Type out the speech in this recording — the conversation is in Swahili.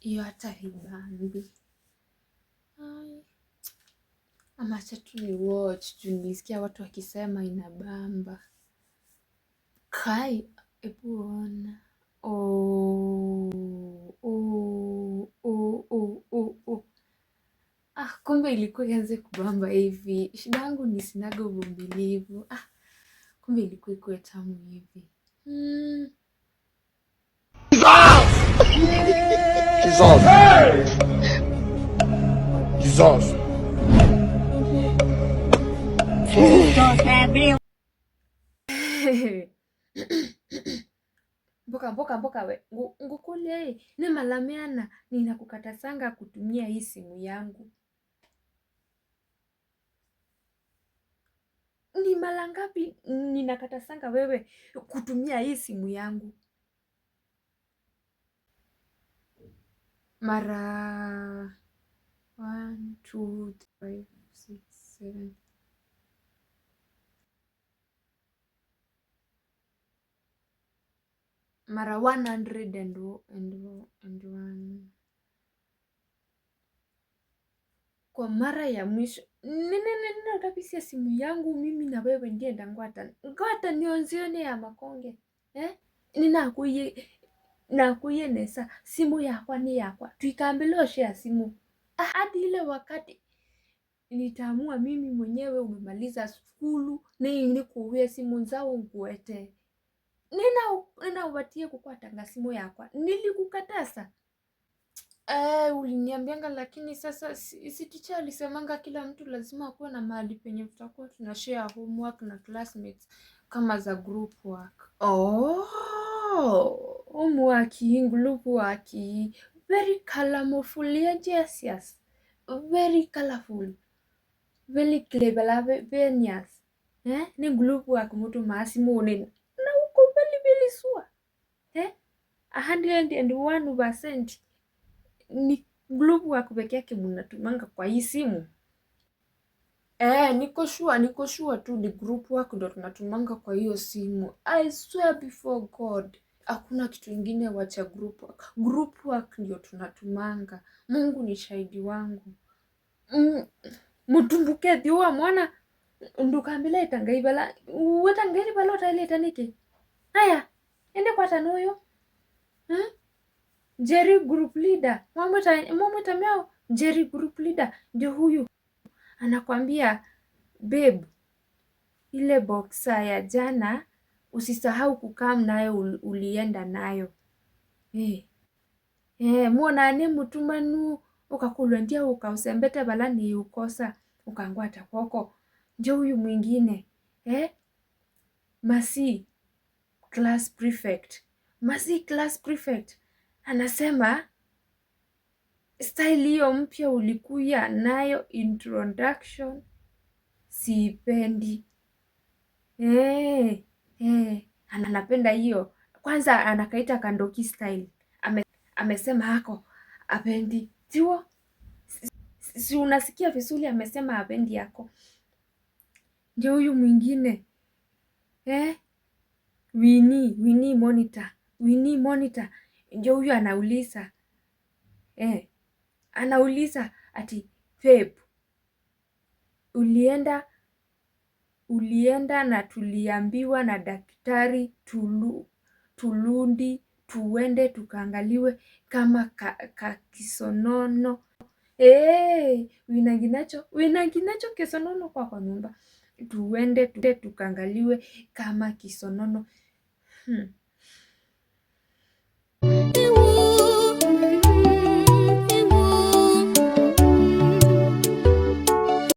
hiyo mm. hata ibambi Ama acha tu ni watch juu nilisikia watu wakisema inabamba. Kai Hebu ona. Oh, oh, oh, ah, kumbe ilikuwa ianze kubamba hivi. Shida yangu ni sinaga uvumilivu. Ah, kumbe ilikuwa ikuwe tamu hivi. Hmm off. Hey! off. mboka mboka mboka we ngukule eh. ni malameana sanga kutumia hii simu yangu ni mara ngapi sanga wewe kutumia hii simu yangu mara one, two, five, six, seven. mara 100 and, and, and one. Kwa mara ya mwisho ninenena utapisia simu yangu mimi na wewe ndiye ndangwata ngwata nionzione ya makonge eh? ninakuye na nesa simu yakwa ni yakwa, tuikambilo ya simu ah, hadi ile wakati nitaamua mimi mwenyewe. Umemaliza skulu niinikuwie simu nzao nkuete ninauvatie kukwatanga simu yakwa nilikukatasa. E, eh, uliniambianga, lakini sasa si ticha alisemanga kila mtu lazima akuwe na mahali penye tutakuwa tuna share homework na classmates kama za group work. Oh. Homework-ing, waki very colorful yes, yes. Very colorful, very clever, lavenyas. Eh? Ni group work mutu masimuoneni na uko very very sure. Eh? 101% ni group waki peke yake munatumanga kwa hii simu. Eh, niko sure, niko sure tu ni group work ndo tunatumanga kwa hiyo simu. I swear before God hakuna kitu ingine wacha group work. Group work ndio tunatumanga. Mungu ni shahidi wangu mutumbuke mm, thiwa mwana ndukambila itangaibala wetangairi bala utailetanike haya ende kwatanuyo hmm? Jerry group leader mwamwita meo Jerry group leader ndio huyu anakwambia babe, ile boksa ya jana usisahau kukaa nayo ulienda nayo eh eh muonane mutu manu ukakulwendia ukausembete vala niukosa ukangwa takoko ndio huyu mwingine eh masi class prefect masi class prefect anasema style hiyo mpya ulikuya nayo introduction siipendi eh Eh, anapenda hiyo. Kwanza anakaita kandoki style. Ame, amesema hako apendi tiwo. Si unasikia vizuri, amesema apendi yako. Ndio huyu mwingine eh, wini wini monitor wini monitor, ndio huyu anauliza eh, anauliza ati Feb ulienda ulienda na tuliambiwa na daktari Tulundi tuende tukaangaliwe kama ka kisonono Hey, winanginacho winanginacho kisonono kwa kwa nyumba tuende tukaangaliwe kama kisonono hmm.